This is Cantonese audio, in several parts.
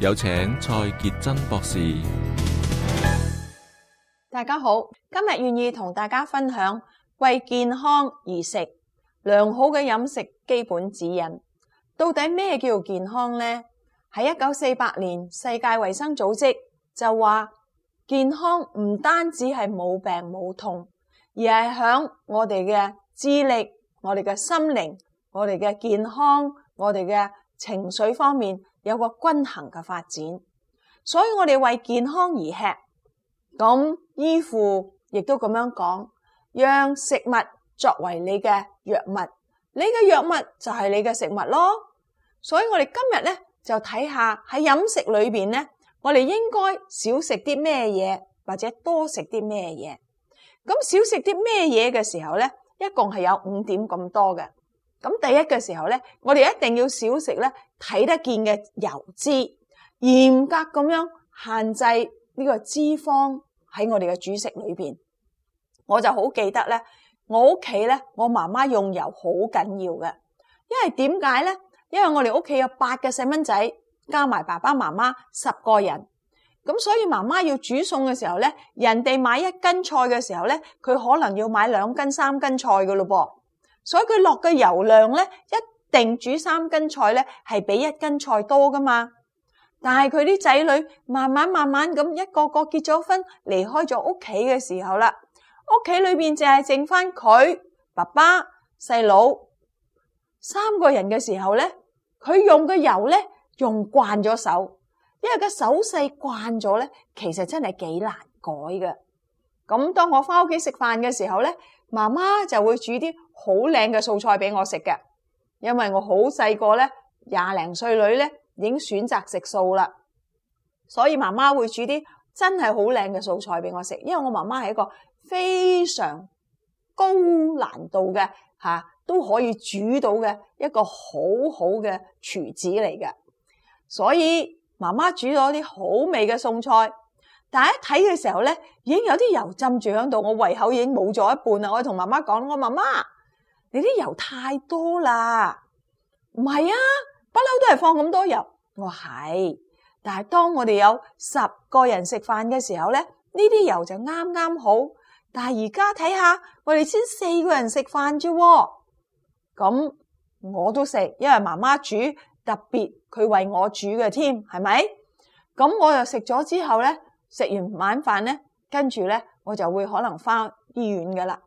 有請蔡潔珍博士。大家好，今日願意同大家分享為健康而食良好嘅飲食基本指引。到底咩叫健康呢？喺一九四八年，世界衛生組織就話，健康唔單止係冇病冇痛，而係響我哋嘅智力、我哋嘅心靈、我哋嘅健康、我哋嘅情緒方面。有個均衡嘅發展，所以我哋為健康而吃。咁醫父亦都咁樣講，讓食物作為你嘅藥物，你嘅藥物就係你嘅食物咯。所以我哋今日咧，就睇下喺飲食裏邊咧，我哋應該少食啲咩嘢，或者多食啲咩嘢。咁少食啲咩嘢嘅時候咧，一共係有五點咁多嘅。咁第一嘅時候咧，我哋一定要少食咧。睇得見嘅油脂，嚴格咁樣限制呢個脂肪喺我哋嘅主食裏邊，我就好記得咧。我屋企咧，我媽媽用油好緊要嘅，因為點解咧？因為我哋屋企有八個細蚊仔，加埋爸爸媽媽十個人，咁所以媽媽要煮餸嘅時候咧，人哋買一斤菜嘅時候咧，佢可能要買兩斤三斤菜噶咯噃，所以佢落嘅油量咧一。定煮三斤菜咧，係比一斤菜多噶嘛。但係佢啲仔女慢慢慢慢咁，一個個結咗婚，離開咗屋企嘅時候啦，屋企裏面淨係剩翻佢爸爸、細佬三個人嘅時候咧，佢用嘅油咧用慣咗手，因為個手勢慣咗咧，其實真係幾難改噶。咁當我翻屋企食飯嘅時候咧，媽媽就會煮啲好靚嘅素菜俾我食嘅。因為我好細個咧，廿零歲女咧已經選擇食素啦，所以媽媽會煮啲真係好靚嘅素菜俾我食。因為我媽媽係一個非常高難度嘅吓、啊、都可以煮到嘅一個好好嘅廚子嚟嘅，所以媽媽煮咗啲好味嘅餸菜，但係一睇嘅時候咧已經有啲油浸住喺度，我胃口已經冇咗一半啦。我同媽媽講：，我媽媽。你啲油太多啦，唔係啊，不嬲都係放咁多油。我話係，但係當我哋有十個人食飯嘅時候咧，呢啲油就啱啱好。但係而家睇下，我哋先四個人食飯啫，咁、嗯、我都食，因為媽媽煮特別，佢為我煮嘅添，係咪？咁、嗯、我又食咗之後咧，食完晚飯咧，跟住咧，我就會可能翻醫院噶啦。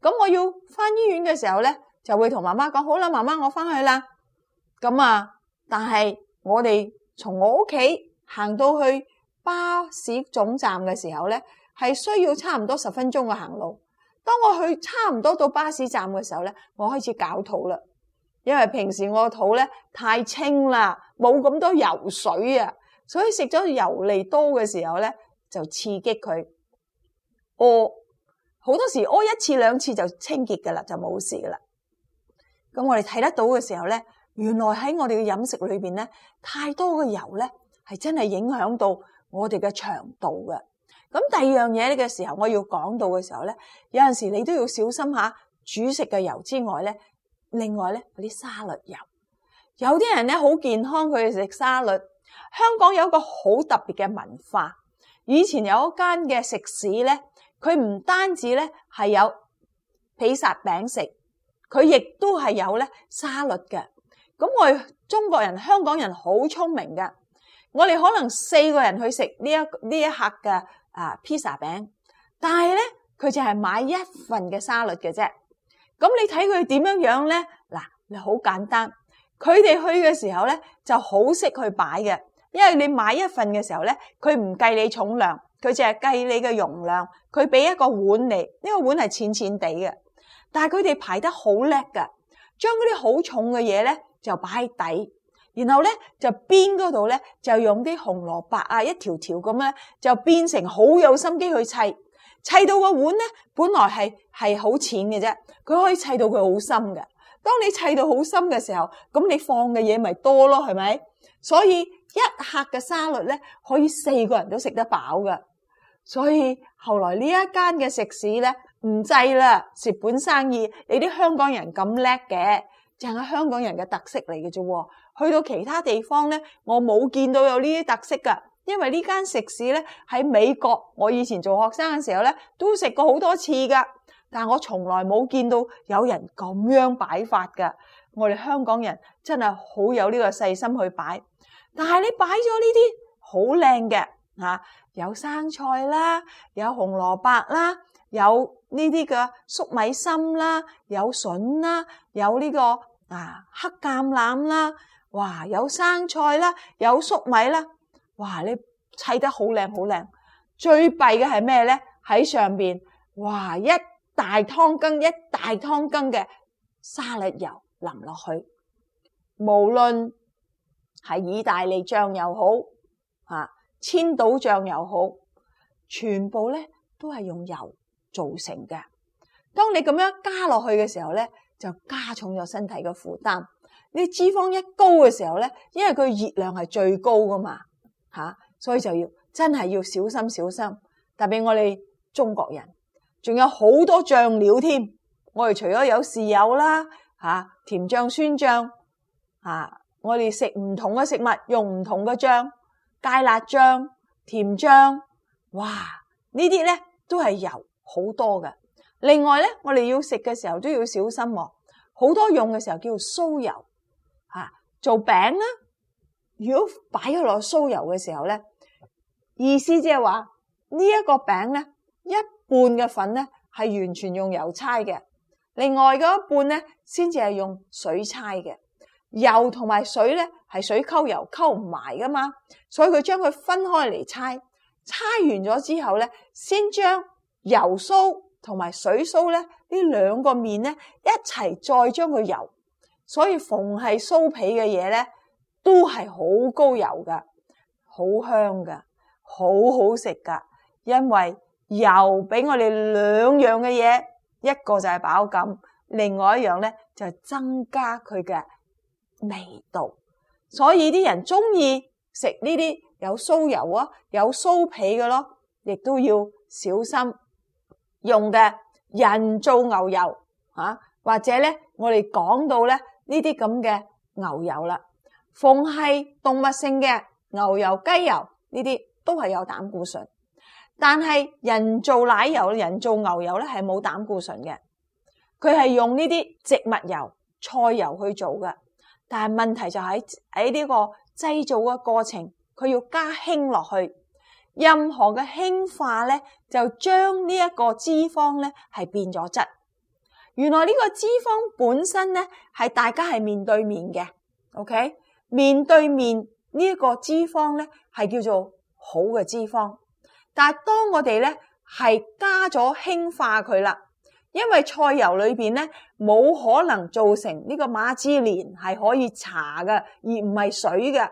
咁我要翻醫院嘅時候咧，就會同媽媽講：好啦，媽媽，我翻去啦。咁啊，但係我哋從我屋企行到去巴士總站嘅時候咧，係需要差唔多十分鐘嘅行路。當我去差唔多到巴士站嘅時候咧，我開始搞肚啦，因為平時我個肚咧太清啦，冇咁多油水啊，所以食咗油膩多嘅時候咧，就刺激佢哦。好多時屙一次兩次就清潔噶啦，就冇事噶啦。咁我哋睇得到嘅時候咧，原來喺我哋嘅飲食裏邊咧，太多嘅油咧，係真係影響到我哋嘅腸道嘅。咁第二樣嘢嘅時候，我要講到嘅時候咧，有陣時你都要小心下煮食嘅油之外咧，另外咧，嗰啲沙律油，有啲人咧好健康，佢哋食沙律。香港有一個好特別嘅文化，以前有一間嘅食肆咧。佢唔單止咧係有披薩餅食，佢亦都係有咧沙律嘅。咁我哋中國人、香港人好聰明嘅，我哋可能四個人去食呢一呢一盒嘅啊披薩餅，但係咧佢淨係買一份嘅沙律嘅啫。咁你睇佢點樣樣咧？嗱，你好簡單，佢哋去嘅時候咧就好識去擺嘅，因為你買一份嘅時候咧，佢唔計你重量。佢淨係計你嘅容量，佢俾一個碗嚟，呢個碗係淺淺地嘅。但係佢哋排得好叻㗎，將嗰啲好重嘅嘢咧就擺喺底，然後咧就邊嗰度咧就用啲紅蘿蔔啊一條條咁咧就變成好有心機去砌，砌到個碗咧，本來係係好淺嘅啫，佢可以砌到佢好深嘅。當你砌到好深嘅時候，咁你放嘅嘢咪多咯，係咪？所以一客嘅沙律咧可以四個人都食得飽㗎。所以後來呢一間嘅食肆咧唔制啦，蝕本生意。你啲香港人咁叻嘅，淨係香港人嘅特色嚟嘅啫喎。去到其他地方咧，我冇見到有呢啲特色噶。因為呢間食肆咧喺美國，我以前做學生嘅時候咧都食過好多次噶，但我從來冇見到有人咁樣擺法噶。我哋香港人真係好有呢個細心去擺，但係你擺咗呢啲好靚嘅。嚇、啊，有生菜啦，有紅蘿蔔啦，有呢啲嘅粟米心啦，有筍啦，有呢、這個啊黑橄欖啦，哇，有生菜啦，有粟米啦，哇，你砌得好靚好靚，最弊嘅係咩咧？喺上邊，哇，一大湯羹一大湯羹嘅沙律油淋落去，無論係意大利醬又好。千島醬油好，全部咧都係用油做成嘅。當你咁樣加落去嘅時候咧，就加重咗身體嘅負擔。你脂肪一高嘅時候咧，因為佢熱量係最高噶嘛，吓、啊，所以就要真係要小心小心。特別我哋中國人，仲有好多醬料添。我哋除咗有豉油啦，吓、啊、甜醬、酸、啊、醬，吓我哋食唔同嘅食物用唔同嘅醬。芥辣醬、甜醬，哇！呢啲咧都係油好多嘅。另外咧，我哋要食嘅時候都要小心、哦。好多用嘅時候叫做酥油，吓、啊、做餅啦。如果擺咗落酥油嘅時候咧，意思即係話呢一個餅咧，一半嘅粉咧係完全用油搓嘅，另外嗰一半咧先至係用水搓嘅。油同埋水咧，係水溝油溝唔埋噶嘛，所以佢將佢分開嚟搓，搓完咗之後咧，先將油酥同埋水酥咧呢兩個麵咧一齊再將佢油，所以逢係酥皮嘅嘢咧都係好高油噶，好香噶，好好食噶，因為油俾我哋兩樣嘅嘢，一個就係飽感，另外一樣咧就係增加佢嘅。味道，所以啲人中意食呢啲有酥油啊、有酥皮嘅咯，亦都要小心用嘅人造牛油啊，或者咧我哋講到咧呢啲咁嘅牛油啦，凡係動物性嘅牛油、雞油呢啲都係有膽固醇，但係人造奶油、人造牛油咧係冇膽固醇嘅，佢係用呢啲植物油、菜油去做嘅。但係問題就喺喺呢個製造嘅過程，佢要加氫落去，任何嘅氫化咧，就將呢一個脂肪咧係變咗質。原來呢個脂肪本身咧係大家係面對面嘅，OK？面對面呢一個脂肪咧係叫做好嘅脂肪，但係當我哋咧係加咗氫化佢啦。因為菜油裏邊咧，冇可能造成呢個馬芝蓮係可以搽嘅，而唔係水嘅。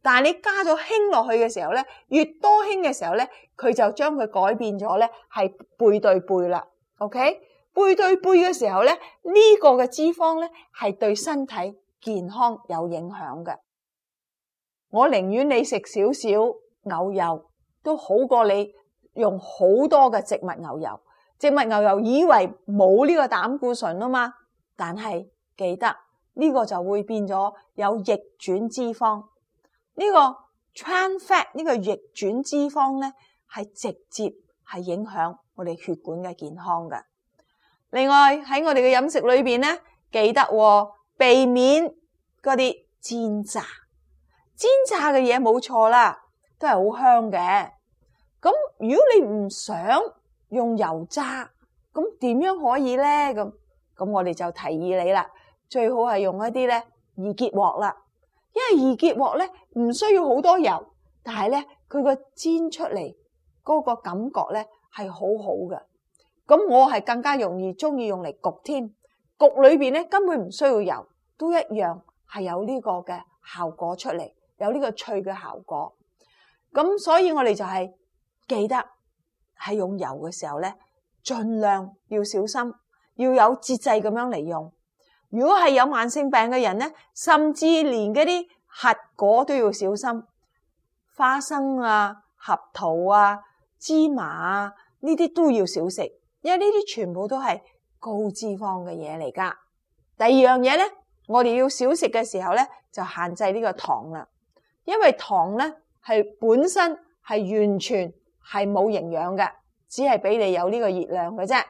但係你加咗氫落去嘅時候咧，越多氫嘅時候咧，佢就將佢改變咗咧，係背對背啦。OK，背對背嘅時候咧，呢個嘅脂肪咧係對身體健康有影響嘅。我寧願你食少少牛油，都好過你用好多嘅植物牛油。植物牛油以為冇呢個膽固醇啊嘛，但係記得呢、呢個就會變咗有逆轉脂肪，呢、呢個 trans fat 呢個逆轉脂肪咧係直接係影響我哋血管嘅健康嘅。另外喺我哋嘅飲食裏邊咧，記得、哦、避免嗰啲煎炸、煎炸嘅嘢冇錯啦，都係好香嘅。咁如果你唔想，用油炸咁點樣可以咧？咁，咁我哋就提議你啦，最好係用一啲咧易潔鑊啦，因為易潔鑊咧唔需要好多油，但係咧佢個煎出嚟嗰個感覺咧係好好嘅。咁我係更加容易中意用嚟焗添，焗裏邊咧根本唔需要油，都一樣係有呢個嘅效果出嚟，有呢個脆嘅效果。咁所以我哋就係記得。喺用油嘅時候咧，盡量要小心，要有節制咁樣嚟用。如果係有慢性病嘅人咧，甚至連嗰啲核果都要小心，花生啊、核桃啊、芝麻啊呢啲都要少食，因為呢啲全部都係高脂肪嘅嘢嚟㗎。第二樣嘢咧，我哋要少食嘅時候咧，就限制呢個糖啦，因為糖咧係本身係完全。係冇營養嘅，只係俾你有呢個熱量嘅啫。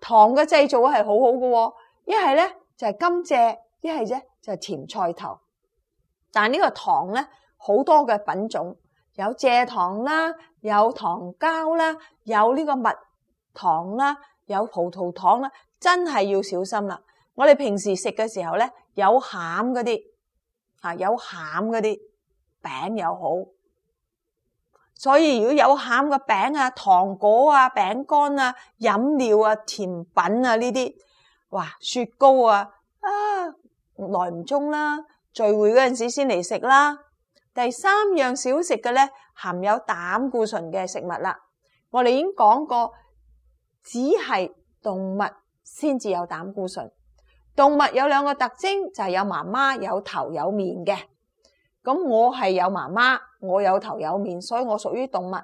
糖嘅製造係好好嘅，一係咧就係甘蔗，一係啫就係甜菜頭。但係呢個糖咧好多嘅品種，有蔗糖啦，有糖膠啦，有呢個蜜糖啦，有葡萄糖啦，真係要小心啦。我哋平時食嘅時候咧，有餡嗰啲吓，有餡嗰啲餅又好。所以如果有餡嘅餅啊、糖果啊、餅乾啊、飲料啊、甜品啊呢啲，哇雪糕啊啊，來唔中啦！聚會嗰陣時先嚟食啦。第三樣小食嘅咧，含有膽固醇嘅食物啦。我哋已經講過，只係動物先至有膽固醇。動物有兩個特徵，就係有媽媽、有頭、有面嘅。咁我係有媽媽，我有頭有面，所以我屬於動物。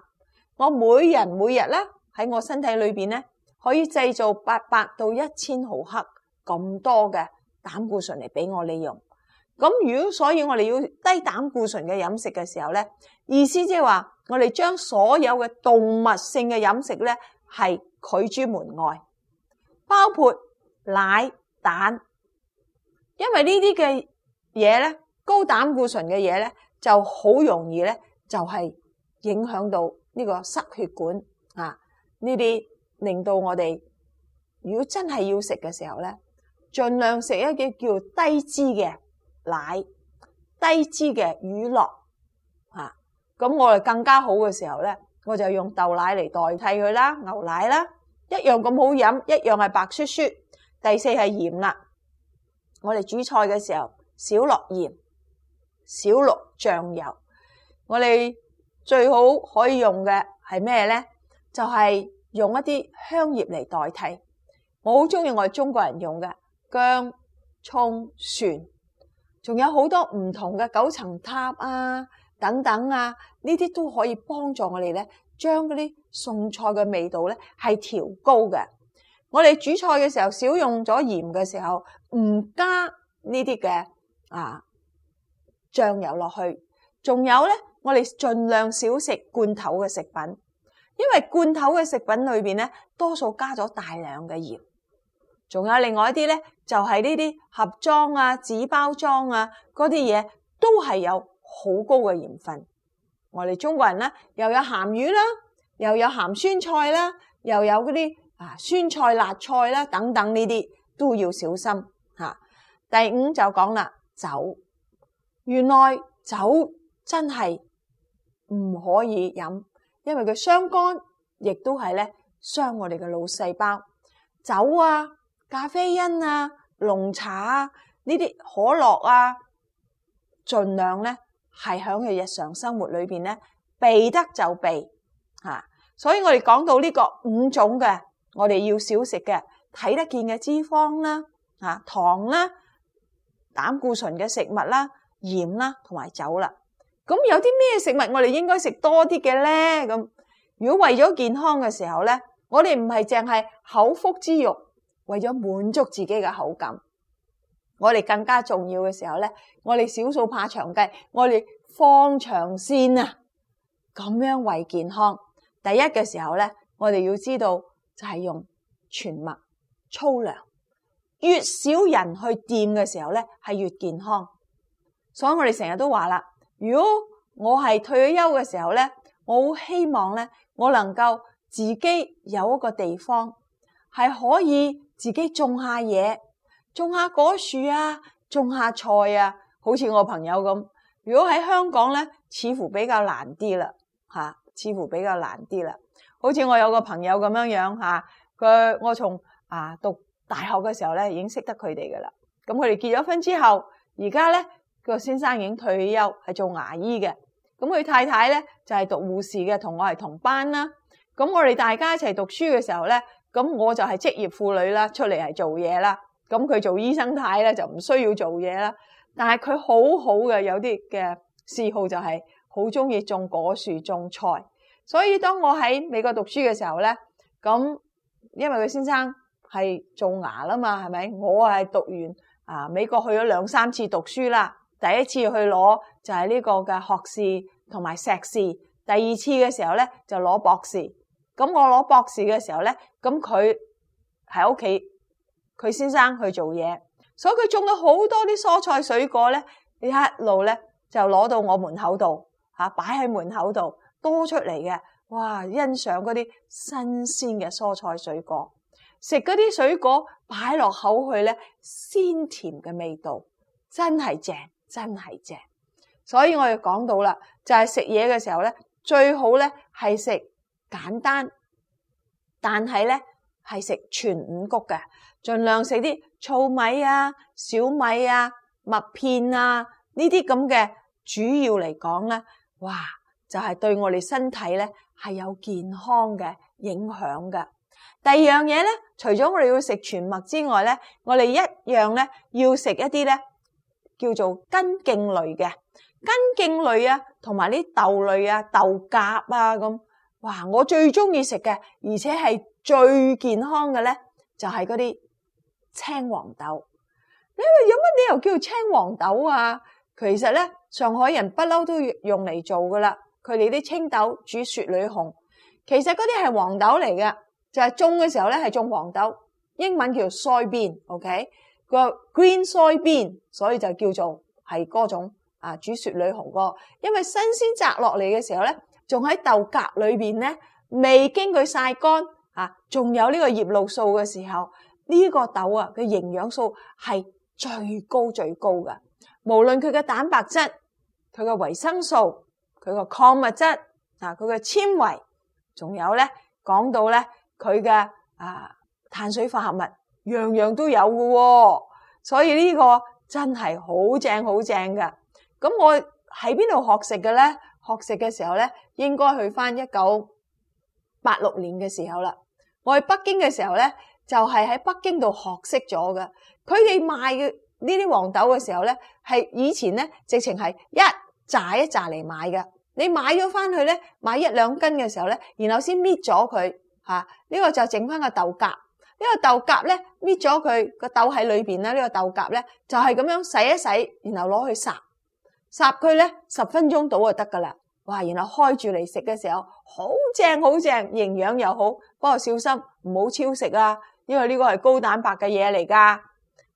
我每人每日咧喺我身體裏邊咧，可以製造八百到一千毫克咁多嘅膽固醇嚟俾我利用。咁如果所以我哋要低膽固醇嘅飲食嘅時候咧，意思即係話我哋將所有嘅動物性嘅飲食咧係拒諸門外，包括奶蛋，因為呢啲嘅嘢咧，高膽固醇嘅嘢咧，就好容易咧，就係影響到呢個塞血管啊！呢啲令到我哋，如果真係要食嘅時候咧，盡量食一啲叫低脂嘅奶、低脂嘅乳酪啊！咁我哋更加好嘅時候咧，我就用豆奶嚟代替佢啦，牛奶啦，一樣咁好飲，一樣係白雪雪。第四係鹽啦，我哋煮菜嘅時候少落鹽。少落醬油，我哋最好可以用嘅係咩呢？就係、是、用一啲香葉嚟代替。我好中意我哋中國人用嘅姜、葱、蒜，仲有好多唔同嘅九層塔啊等等啊，呢啲都可以幫助我哋呢將嗰啲餸菜嘅味道呢係調高嘅。我哋煮菜嘅時候少用咗鹽嘅時候，唔加呢啲嘅啊。醬油落去，仲有咧，我哋盡量少食罐頭嘅食品，因為罐頭嘅食品裏邊咧，多數加咗大量嘅鹽。仲有另外一啲咧，就係呢啲盒裝啊、紙包裝啊嗰啲嘢，都係有好高嘅鹽分。我哋中國人咧，又有鹹魚啦，又有鹹酸菜啦，又有嗰啲啊酸菜、辣菜啦等等呢啲，都要小心。吓，第五就講啦，酒。原來酒真係唔可以飲，因為佢傷肝，亦都係咧傷我哋嘅腦細胞。酒啊、咖啡因啊、濃茶啊呢啲可樂啊，盡量咧係喺佢日常生活裏邊咧避得就避吓。所以我哋講到呢個五種嘅，我哋要少食嘅睇得見嘅脂肪啦、吓糖啦、膽固醇嘅食物啦。鹽啦，同埋酒啦。咁有啲咩食物我哋應該食多啲嘅呢？咁如果為咗健康嘅時候呢，我哋唔係淨係口腹之慾，為咗滿足自己嘅口感，我哋更加重要嘅時候呢，我哋少數怕長計，我哋放長線啊，咁樣為健康。第一嘅時候呢，我哋要知道就係用全麥粗糧，越少人去掂嘅時候呢，係越健康。所以我哋成日都話啦，如果我係退咗休嘅時候咧，我好希望咧，我能夠自己有一個地方係可以自己種下嘢，種下果樹啊，種下菜啊，好似我朋友咁。如果喺香港咧，似乎比較難啲啦，吓、啊，似乎比較難啲啦。好似我有個朋友咁樣樣吓，佢、啊、我從啊讀大學嘅時候咧，已經識得佢哋㗎喇。咁佢哋結咗婚之後，而家咧。個先生已經退休，係做牙醫嘅。咁佢太太咧就係、是、讀護士嘅，同我係同班啦。咁我哋大家一齊讀書嘅時候咧，咁我就係職業婦女啦，出嚟係做嘢啦。咁佢做醫生太太就唔需要做嘢啦。但係佢好好嘅，有啲嘅嗜好就係好鍾意種果樹、種菜。所以當我喺美國讀書嘅時候咧，咁因為佢先生係做牙啦嘛，係咪？我係讀完啊美國去咗兩三次讀書啦。第一次去攞就係呢個嘅學士同埋碩士，第二次嘅時候咧就攞博士。咁我攞博士嘅時候咧，咁佢喺屋企佢先生去做嘢，所以佢種咗好多啲蔬菜水果咧，一路咧就攞到我門口度嚇擺喺門口度多出嚟嘅哇！欣賞嗰啲新鮮嘅蔬菜水果，食嗰啲水果擺落口去咧，鮮甜嘅味道真係正。真係正，所以我哋講到啦，就係食嘢嘅時候咧，最好咧係食簡單，但係咧係食全五穀嘅，盡量食啲糙米啊、小米啊、麥片啊呢啲咁嘅，主要嚟講咧，哇，就係對我哋身體咧係有健康嘅影響㗎。第二樣嘢咧，除咗我哋要食全麥之外咧，我哋一樣咧要食一啲咧。叫做根莖類嘅，根莖類啊，同埋啲豆類啊、豆莢啊咁。哇，我最中意食嘅，而且係最健康嘅咧，就係嗰啲青黃豆。你話有乜理由叫青黃豆啊？其實咧，上海人不嬲都用嚟做噶啦。佢哋啲青豆煮雪裏紅，其實嗰啲係黃豆嚟嘅，就係種嘅時候咧係種黃豆，英文叫做 soybean，OK。叫 Green soybean，所以就叫做係嗰種啊煮雪女紅個，因為新鮮摘落嚟嘅時候咧，仲喺豆莢裏邊咧，未經佢晒乾啊，仲有呢個葉綠素嘅時候，呢個豆啊嘅營養素係最高最高噶無論佢嘅蛋白質、佢嘅維生素、佢嘅礦物質啊、佢嘅纖維，仲有咧講到咧佢嘅啊碳水化合物。樣樣都有嘅，所以呢個真係好正好正嘅。咁我喺邊度學食嘅咧？學食嘅時候咧，應該去翻一九八六年嘅時候啦。我去北京嘅時候咧，就係喺北京度學識咗嘅。佢哋賣嘅呢啲黃豆嘅時候咧，係以前咧直情係一扎一扎嚟買嘅。你買咗翻去咧，買一兩斤嘅時候咧，然後先搣咗佢，吓呢個就整翻個豆莢。呢個豆莢咧搣咗佢個豆喺裏邊啦，呢個豆莢咧就係咁樣洗一洗，然後攞去烚，烚佢咧十分鐘到就得噶啦。哇！然後開住嚟食嘅時候好正好正，營養又好，不過小心唔好超食啊，因為呢個係高蛋白嘅嘢嚟噶。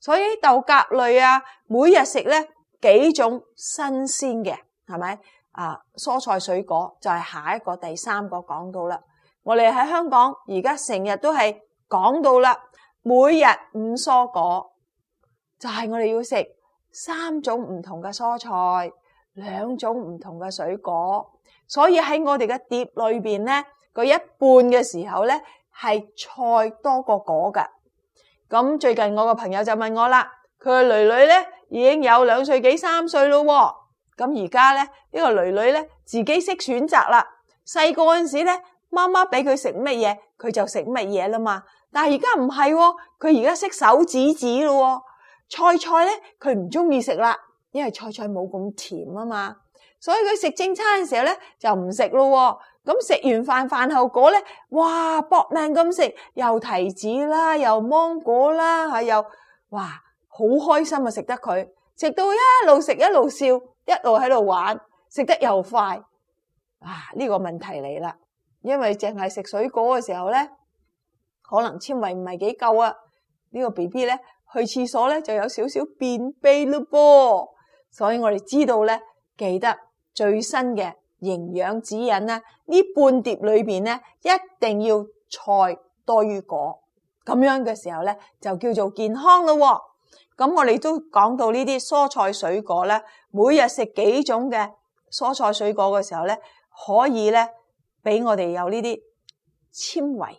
所以豆莢類啊，每日食咧幾種新鮮嘅，係咪啊？蔬菜水果就係下一個第三個廣告啦。我哋喺香港而家成日都係。講到啦，每日五蔬果就係我哋要食三種唔同嘅蔬菜，兩種唔同嘅水果，所以喺我哋嘅碟裏邊咧，個一半嘅時候咧係菜多過果㗎。咁最近我個朋友就問我啦，佢個女女咧已經有兩歲幾三歲咯，咁而家咧呢個女女咧自己識選擇啦。細個嗰陣時咧，媽媽俾佢食乜嘢，佢就食乜嘢啦嘛。但係而家唔係，佢而家識手指指咯。菜菜咧，佢唔中意食啦，因為菜菜冇咁甜啊嘛。所以佢食正餐嘅時候咧，就唔食咯。咁食完飯飯後果咧，哇，搏命咁食，又提子啦，又芒果啦，吓又哇，好開心啊，食得佢，食到一路食一路笑，一路喺度玩，食得又快。啊，呢個問題嚟啦，因為淨係食水果嘅時候咧。可能纖維唔係幾夠啊！呢個 BB 咧去廁所咧就有少少便秘咯噃，所以我哋知道咧，記得最新嘅營養指引咧，呢半碟裏邊咧一定要菜多於果，咁樣嘅時候咧就叫做健康咯。咁我哋都講到呢啲蔬菜水果咧，每日食幾種嘅蔬菜水果嘅時候咧，可以咧俾我哋有呢啲纖維。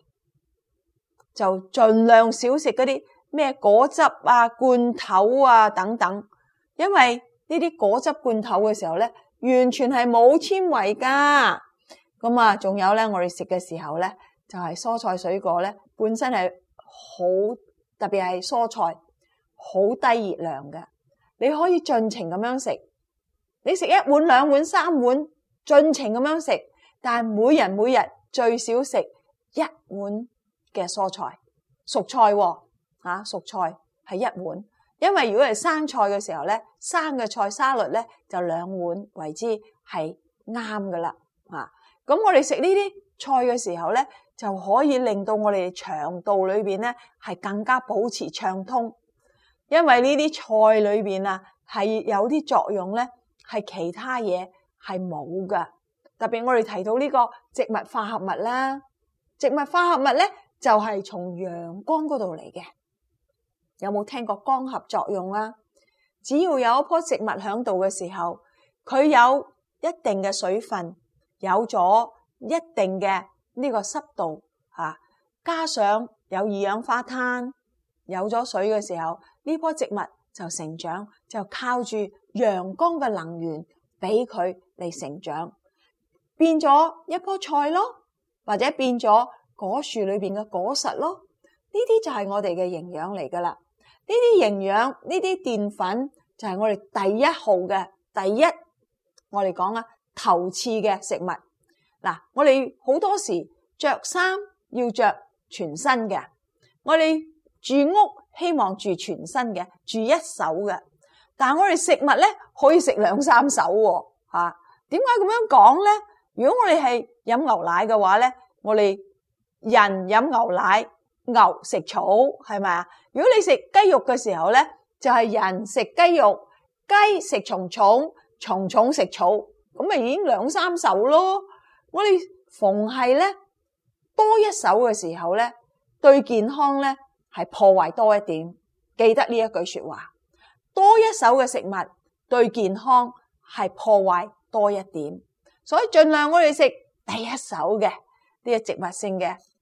就盡量少食嗰啲咩果汁啊、罐頭啊等等，因為呢啲果汁罐頭嘅時候咧，完全係冇纖維㗎。咁啊，仲有咧，我哋食嘅時候咧，就係、是、蔬菜水果咧，本身係好特別係蔬菜好低熱量嘅，你可以盡情咁樣食。你食一碗、兩碗、三碗，盡情咁樣食，但係每人每日最少食一碗。嘅蔬菜、熟菜，吓，熟菜係一碗，因為如果係生菜嘅時候咧，生嘅菜沙律咧就兩碗為之係啱噶啦，啊，咁我哋食呢啲菜嘅時候咧，就可以令到我哋腸道裏邊咧係更加保持暢通，因為呢啲菜裏邊啊係有啲作用咧，係其他嘢係冇㗎，特別我哋提到呢個植物化合物啦，植物化合物咧。就係從陽光嗰度嚟嘅。有冇聽過光合作用啊？只要有一棵植物響度嘅時候，佢有一定嘅水分，有咗一定嘅呢個濕度啊，加上有二氧化碳，有咗水嘅時候，呢棵植物就成長，就靠住陽光嘅能源俾佢嚟成長，變咗一棵菜咯，或者變咗。果樹裏面嘅果實咯，呢啲就係我哋嘅營養嚟㗎喇。呢啲營養，呢啲澱粉就係我哋第一號嘅第一，我哋講啊頭次嘅食物。嗱，我哋好多時著衫要著全身嘅，我哋住屋希望住全身嘅住一手嘅，但係我哋食物咧可以食兩三手喎吓。點解咁樣講咧？如果我哋係飲牛奶嘅話咧，我哋。人飲牛奶，牛食草，係咪啊？如果你食雞肉嘅時候呢，就係人食雞肉，雞食蟲蟲，蟲蟲食草，咁咪已經兩三手咯。我哋逢係呢多一手嘅時候呢，對健康呢係破壞多一點。記得呢一句說話，多一手嘅食物對健康係破壞多一點，所以盡量我哋食第一手嘅呢個植物性嘅。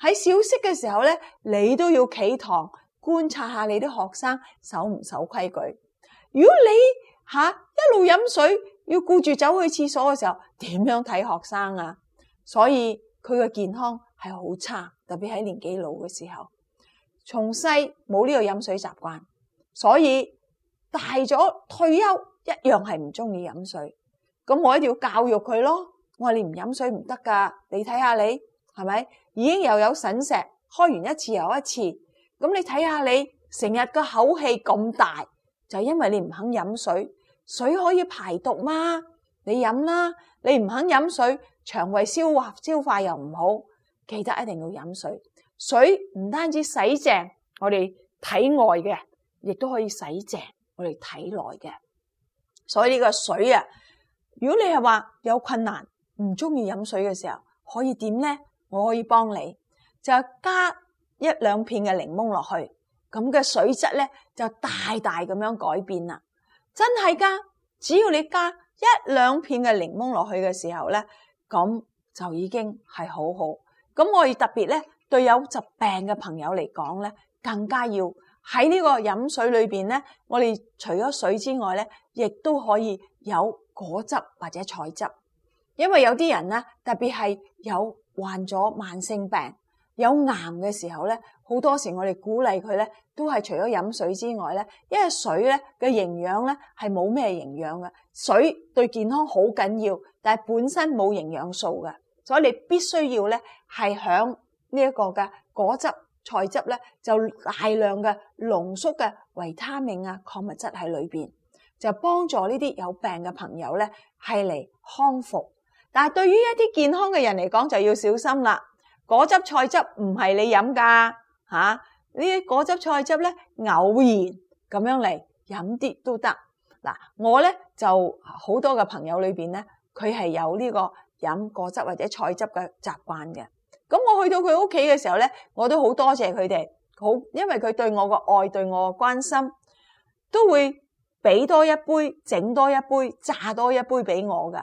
喺小息嘅時候咧，你都要企堂觀察下你啲學生守唔守規矩。如果你吓、啊、一路飲水，要顧住走去廁所嘅時候，點樣睇學生啊？所以佢嘅健康係好差，特別喺年紀老嘅時候，從細冇呢個飲水習慣，所以大咗退休一樣係唔中意飲水。咁我一定要教育佢咯。我話你唔飲水唔得噶，你睇下你，係咪？已經又有腎石，開完一次又一次，咁你睇下你成日個口氣咁大，就因為你唔肯飲水，水可以排毒嗎？你飲啦，你唔肯飲水，腸胃消化消化又唔好，記得一定要飲水。水唔單止洗淨我哋體外嘅，亦都可以洗淨我哋體內嘅。所以呢個水啊，如果你係話有困難唔中意飲水嘅時候，可以點呢？我可以幫你就加一兩片嘅檸檬落去，咁嘅水質咧就大大咁樣改變啦。真係噶，只要你加一兩片嘅檸檬落去嘅時候咧，咁就已經係好好。咁我哋特別咧，對有疾病嘅朋友嚟講咧，更加要喺呢個飲水裏邊咧，我哋除咗水之外咧，亦都可以有果汁或者菜汁，因為有啲人咧，特別係有。患咗慢性病，有癌嘅時候呢，好多時我哋鼓勵佢呢，都係除咗飲水之外呢，因為水呢，嘅營養呢，係冇咩營養嘅。水對健康好緊要，但係本身冇營養素嘅。所以你必須要呢，係響呢一個嘅果汁、菜汁呢，就大量嘅濃縮嘅維他命呀，礦物質喺裏面，就幫助呢啲有病嘅朋友呢，係嚟康復。但係對於一啲健康嘅人嚟講，就要小心啦。果汁、菜汁唔係你飲噶嚇，呢啲果汁、菜汁咧，偶然咁樣嚟飲啲都得。嗱，我咧就好多嘅朋友裏邊咧，佢係有呢個飲果汁或者菜汁嘅習慣嘅。咁我去到佢屋企嘅時候咧，我都好多謝佢哋，好因為佢對我嘅愛、對我嘅關心，都會俾多一杯、整多一杯、榨多一杯俾我噶。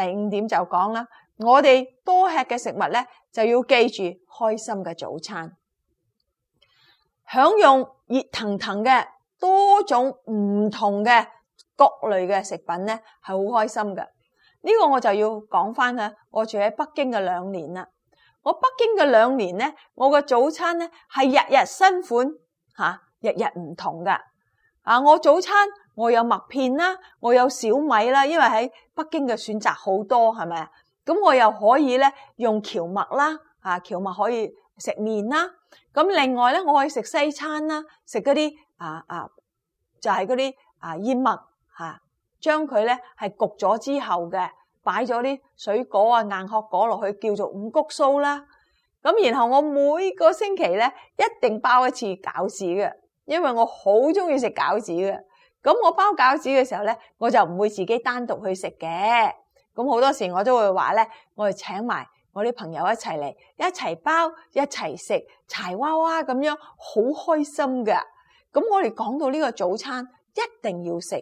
第五點就講啦，我哋多食的食物呢，就要記住開心的早餐，享用熱騰騰的多種唔同的各類的食品呢，係好開心㗎。這個我就要講返，我住喺北京的兩年啦。我北京的兩年呢，我的早餐呢，是日日新款，日日唔同㗎。啊！我早餐我有麥片啦，我有小米啦，因為喺北京嘅選擇好多，係咪？咁我又可以咧用蕎麥啦，啊蕎麥可以食麵啦。咁、啊、另外咧，我可以食西餐啦，食嗰啲啊啊就係嗰啲啊燕麥吓、啊，將佢咧係焗咗之後嘅，擺咗啲水果啊硬殼果落去，叫做五穀酥啦。咁、啊啊、然後我每個星期咧一定包一次餃子嘅。因為我好中意食餃子嘅，咁我包餃子嘅時候咧，我就唔會自己單獨去食嘅。咁好多時我都會話咧，我哋請埋我啲朋友一齊嚟，一齊包，一齊食柴娃娃咁樣，好開心㗎。咁我哋講到呢個早餐一定要食，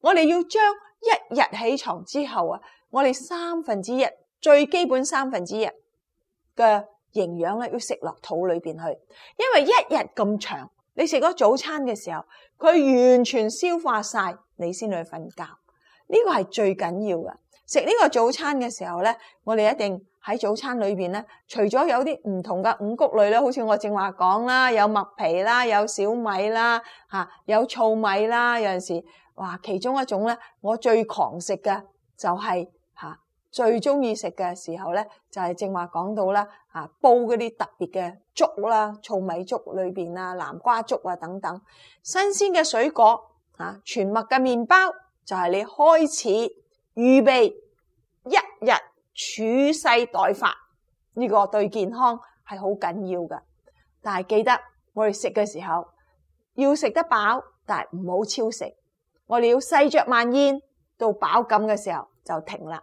我哋要將一日起床之後啊，我哋三分之一最基本三分之一嘅營養咧，要食落肚裏邊去，因為一日咁長。你食咗早餐嘅時候，佢完全消化晒，你先去瞓覺，呢、這個係最緊要噶。食呢個早餐嘅時候咧，我哋一定喺早餐裏邊咧，除咗有啲唔同嘅五穀類咧，好似我正話講啦，有麥皮啦，有小米啦，吓有糙米啦，有陣時哇，其中一種咧，我最狂食嘅就係、是、吓最中意食嘅時候咧，就係正話講到啦。啊，煲嗰啲特別嘅粥啦，糙米粥裏邊啦，南瓜粥啊等等，新鮮嘅水果，吓全麥嘅麵包，就係你開始預備一日處世待發，呢個對健康係好緊要嘅。但係記得我哋食嘅時候要食得飽，但係唔好超食。我哋要細嚼慢嚥，到飽噉嘅時候就停啦。